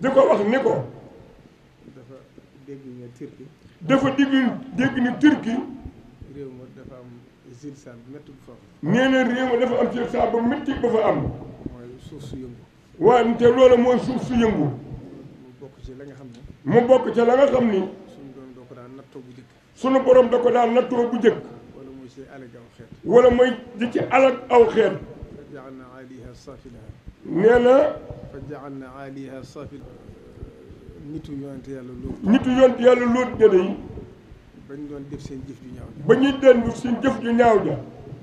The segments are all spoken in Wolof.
di ko wax ni ko. dafa dégg ne Turquie. dafa dégg dégg ne Turquie. réew ma dafa am zilzaal bu métti bu fa am. nee na réew ma dafa am zilzaal bu métti bu am. mooy suuf su yëngu. waaw te loolu mooy suuf su yëngu. mu bokk ci la nga xam ne. mu bokk ci la nga xam ni. suñu borom da ko daan nattoo bu njëkk. suñu borom da ko daan nattoo bu njëkk. wala muy ci alag aw xeet. wala mooy di ci alag aw xeet. jaalna aaliha saafilaha nee na fa jaalna aaliha saafil nitu yonent yàlla lóot nitu yonent yàlla lóot jëdey bañ doon def seen jëf ju ñaaw ja ba ñuy dend seen jëf ju ñaaw ja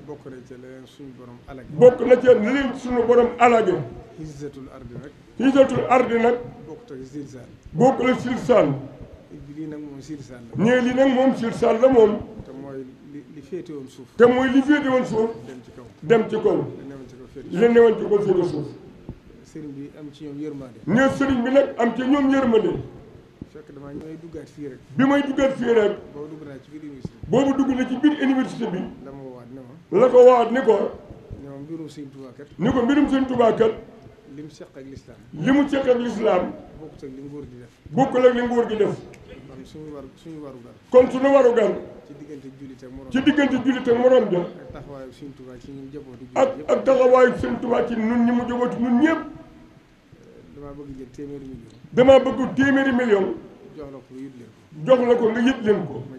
bokk na ci la leen suñu borom alage bokk na ci la leen suñu borom alage hizatul ardi nag hizatul ardi nag bokk ak silsaan bokk la silsaan lii nag moom silsaan la nee lii nag moom silsaan la moom te mooy li féete woon suuf te mooy li féete woon suuf dem ci kaw dem ci kaw li leen newoon ci kaw féete suuf. sëriñ bi am ci ñoom yërmande. ne sëriñ bi nag am ci ñoom yërmande. fekk damaa ñëw may duggaat bi may duggaat fii rek. boobu dugg naa ci biir université. boobu dugg na ci biir université bi. la ma waat ne la ko waat ni ko. ne ma mbirum sëñ Tuubaa kat. ni ko mbirum sëñ Tuubaa kat. li mu seq ak lislaam. li mu seq ak lislaam. bokkul ak li nguur gi def. bokkul ak li nguur gi def. kon suñu waru suñu waru gan. kon suñu waru gan. ci diggante jullit ak moroom ci diggante jullit ak moroom ja ak taxawaayu Sëriñ Tuubaa ci ñun jabooti ñi mu jabooti ñun ñëpp eh, damaa bëgg téeméeri million jox la ko nga yëg leen ko